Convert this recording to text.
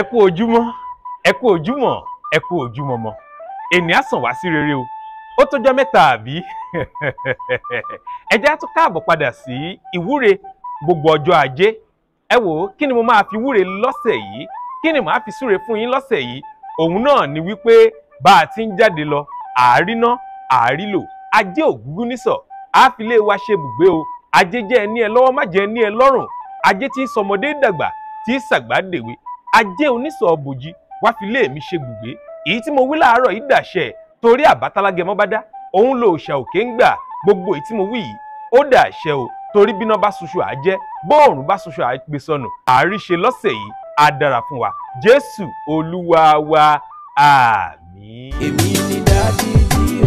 ẹ kú ojúmọ́ ẹ kú ojúmọ́ ẹ kú ojúmọmọ ènìyàn sàn wá sí rere o ó tọ́jọ́ mẹ́ta àbí ẹ jẹ́ á tún káàbọ̀ padà sí ìwúre gbogbo ọjọ́ ajé ẹ wò ó kí ni mo máa fi wúre lọ́sẹ̀ yìí kí ni màá fi súre fún yín lọ́sẹ̀ yìí òun náà ni wípé bá a ti ń jáde lọ àáríná àárìlò ajé ògúngún nísọ̀ àáfilé wa ṣe bùgbé o ajé jẹ́ ẹni ẹ lọ́wọ́ má jẹ́ ẹni ẹ lọ́rùn ajé tí sọmọdé dàgbà tí sàgbà dèwe ajé onísọ̀ ọ̀bòjì wá fi lé mi ṣe gbùgbé èyí tí mo wí láàárọ̀ yìí dàṣẹ torí àbátalágẹ mọ́ bá dá òun lo òòṣà òkè ń gbà gbogbo èyí tí mo wí yìí ó dàṣẹ o torí bíná bá ṣoṣo àjẹ́ bóòrùn bá ṣoṣo àgbè sọnù àríṣe lọ́sẹ̀ yìí á dára fún wa jésù olúwa wa àmín. èmi ni dájú ìdí